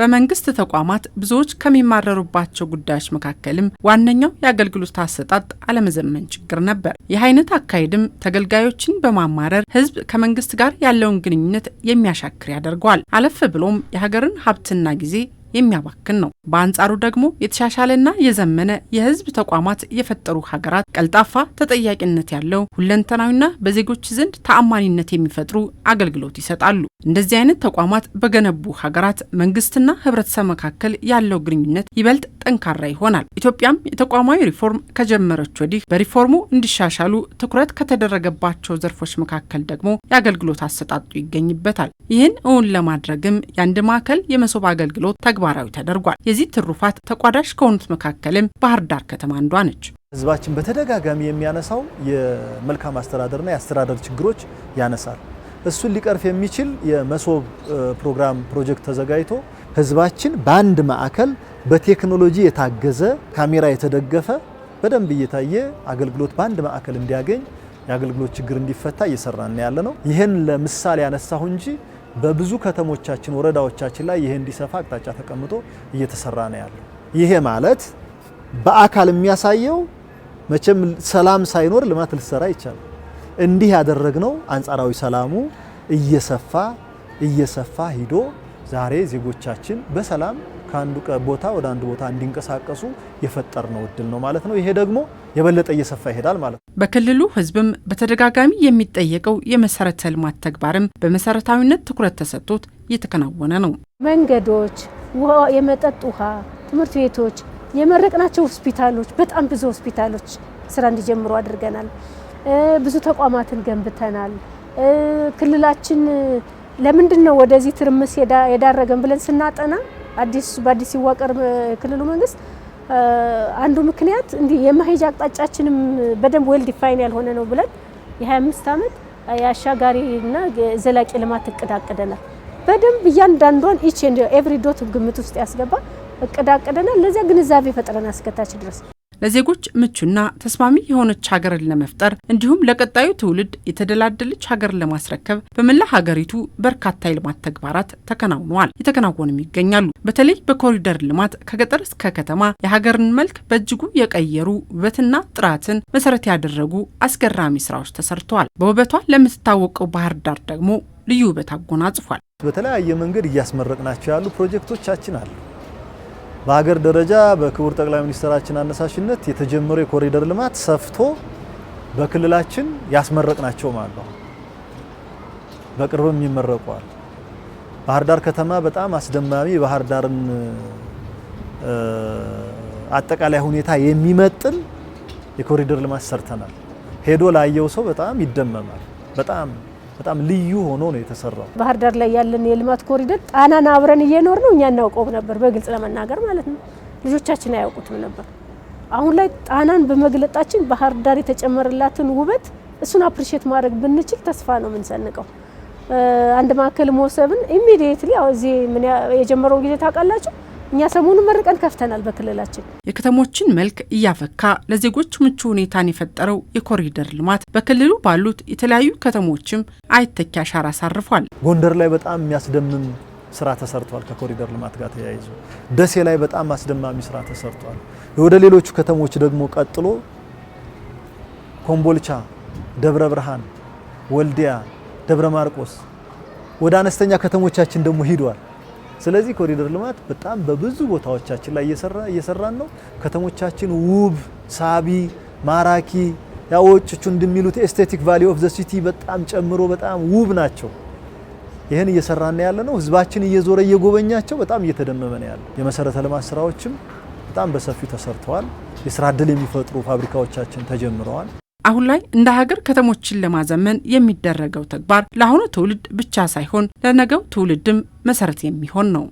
በመንግስት ተቋማት ብዙዎች ከሚማረሩባቸው ጉዳዮች መካከልም ዋነኛው የአገልግሎት አሰጣጥ አለመዘመን ችግር ነበር። ይህ አይነት አካሄድም ተገልጋዮችን በማማረር ህዝብ ከመንግስት ጋር ያለውን ግንኙነት የሚያሻክር ያደርገዋል። አለፍ ብሎም የሀገርን ሀብትና ጊዜ የሚያባክን ነው። በአንጻሩ ደግሞ የተሻሻለና የዘመነ የህዝብ ተቋማት የፈጠሩ ሀገራት ቀልጣፋ፣ ተጠያቂነት ያለው ሁለንተናዊና በዜጎች ዘንድ ተአማኒነት የሚፈጥሩ አገልግሎት ይሰጣሉ። እንደዚህ አይነት ተቋማት በገነቡ ሀገራት መንግስትና ህብረተሰብ መካከል ያለው ግንኙነት ይበልጥ ጠንካራ ይሆናል። ኢትዮጵያም የተቋማዊ ሪፎርም ከጀመረች ወዲህ በሪፎርሙ እንዲሻሻሉ ትኩረት ከተደረገባቸው ዘርፎች መካከል ደግሞ የአገልግሎት አሰጣጡ ይገኝበታል። ይህን እውን ለማድረግም የአንድ ማዕከል የመሶብ አገልግሎት ተግባራዊ ተደርጓል። የዚህ ትሩፋት ተቋዳሽ ከሆኑት መካከልም ባህር ዳር ከተማ አንዷ ነች። ህዝባችን በተደጋጋሚ የሚያነሳው የመልካም አስተዳደርና የአስተዳደር ችግሮች ያነሳል። እሱን ሊቀርፍ የሚችል የመሶብ ፕሮግራም ፕሮጀክት ተዘጋጅቶ ህዝባችን በአንድ ማዕከል በቴክኖሎጂ የታገዘ ካሜራ የተደገፈ በደንብ እየታየ አገልግሎት በአንድ ማዕከል እንዲያገኝ የአገልግሎት ችግር እንዲፈታ እየሰራን ያለ ነው። ይህን ለምሳሌ ያነሳሁ እንጂ በብዙ ከተሞቻችን፣ ወረዳዎቻችን ላይ ይሄ እንዲሰፋ አቅጣጫ ተቀምጦ እየተሰራ ነው ያለው። ይሄ ማለት በአካል የሚያሳየው መቼም ሰላም ሳይኖር ልማት ልሰራ ይቻላል። እንዲህ ያደረግነው አንጻራዊ ሰላሙ እየሰፋ እየሰፋ ሂዶ ዛሬ ዜጎቻችን በሰላም ከአንዱ ቦታ ወደ አንዱ ቦታ እንዲንቀሳቀሱ የፈጠር ነው እድል ነው ማለት ነው። ይሄ ደግሞ የበለጠ እየሰፋ ይሄዳል ማለት ነው። በክልሉ ህዝብም በተደጋጋሚ የሚጠየቀው የመሰረተ ልማት ተግባርም በመሰረታዊነት ትኩረት ተሰጥቶት እየተከናወነ ነው። መንገዶች፣ የመጠጥ ውሃ፣ ትምህርት ቤቶች፣ የመረቅናቸው ሆስፒታሎች፣ በጣም ብዙ ሆስፒታሎች ስራ እንዲጀምሩ አድርገናል። ብዙ ተቋማትን ገንብተናል። ክልላችን ለምንድን ነው ወደዚህ ትርምስ የዳረገን ብለን ስናጠና አዲስ በአዲስ ሲዋቀር ክልሉ መንግስት አንዱ ምክንያት እንዲህ የመሄጃ አቅጣጫችንም በደንብ ዌል ዲፋይን ያልሆነ ነው ብለን የ25 ዓመት የአሻጋሪና ዘላቂ ልማት እቅድ አቅደናል። በደንብ እያንዳንዷን ኢች ኤቭሪ ዶት ግምት ውስጥ ያስገባ እቅድ አቅደናል። ለዚያ ግንዛቤ ፈጥረን አስከታች ድረስ ለዜጎች ምቹና ተስማሚ የሆነች ሀገርን ለመፍጠር እንዲሁም ለቀጣዩ ትውልድ የተደላደለች ሀገርን ለማስረከብ በመላ ሀገሪቱ በርካታ የልማት ተግባራት ተከናውነዋል፣ የተከናወኑም ይገኛሉ። በተለይ በኮሪደር ልማት ከገጠር እስከ ከተማ የሀገርን መልክ በእጅጉ የቀየሩ ውበትና ጥራትን መሰረት ያደረጉ አስገራሚ ስራዎች ተሰርተዋል። በውበቷ ለምትታወቀው ባህር ዳር ደግሞ ልዩ ውበት አጎናጽፏል። በተለያየ መንገድ እያስመረቅናቸው ያሉ ፕሮጀክቶቻችን አሉ። በሀገር ደረጃ በክቡር ጠቅላይ ሚኒስትራችን አነሳሽነት የተጀመረው የኮሪደር ልማት ሰፍቶ በክልላችን ያስመረቅናቸው ማለት ነው። በቅርብም ይመረቋል። ባህር ዳር ከተማ በጣም አስደማሚ ባህር ዳርን አጠቃላይ ሁኔታ የሚመጥን የኮሪደር ልማት ሰርተናል። ሄዶ ላየው ሰው በጣም ይደመማል። በጣም በጣም ልዩ ሆኖ ነው የተሰራው። ባህር ዳር ላይ ያለን የልማት ኮሪደር ጣናን አብረን እየኖር ነው እኛ እናውቀው ነበር፣ በግልጽ ለመናገር ማለት ነው። ልጆቻችን አያውቁትም ነበር። አሁን ላይ ጣናን በመግለጣችን ባህር ዳር የተጨመረላትን ውበት እሱን አፕሪሼት ማድረግ ብንችል ተስፋ ነው የምንሰንቀው። አንድ ማዕከል መውሰብን ኢሚዲየትሊ እዚህ የጀመረውን ጊዜ ታውቃላችሁ እኛ ሰሞኑን መርቀን ከፍተናል። በክልላችን የከተሞችን መልክ እያፈካ ለዜጎች ምቹ ሁኔታን የፈጠረው የኮሪደር ልማት በክልሉ ባሉት የተለያዩ ከተሞችም አይተኪ አሻራ አሳርፏል። ጎንደር ላይ በጣም የሚያስደምም ስራ ተሰርቷል። ከኮሪደር ልማት ጋር ተያይዞ ደሴ ላይ በጣም አስደማሚ ስራ ተሰርቷል። ወደ ሌሎቹ ከተሞች ደግሞ ቀጥሎ ኮምቦልቻ፣ ደብረ ብርሃን፣ ወልዲያ፣ ደብረ ማርቆስ ወደ አነስተኛ ከተሞቻችን ደግሞ ሂዷል። ስለዚህ ኮሪደር ልማት በጣም በብዙ ቦታዎቻችን ላይ እየሰራ እየሰራን ነው። ከተሞቻችን ውብ፣ ሳቢ፣ ማራኪ ያዎቹ እንደሚሉት ኤስቴቲክ ቫሊዩ ኦፍ ዘ ሲቲ በጣም ጨምሮ በጣም ውብ ናቸው። ይህን እየሰራን ያለ ነው። ህዝባችን እየዞረ እየጎበኛቸው በጣም እየተደመመ ነው ያለው። የመሰረተ ልማት ስራዎችም በጣም በሰፊው ተሰርተዋል። የስራ እድል የሚፈጥሩ ፋብሪካዎቻችን ተጀምረዋል። አሁን ላይ እንደ ሀገር ከተሞችን ለማዘመን የሚደረገው ተግባር ለአሁኑ ትውልድ ብቻ ሳይሆን ለነገው ትውልድም መሰረት የሚሆን ነው።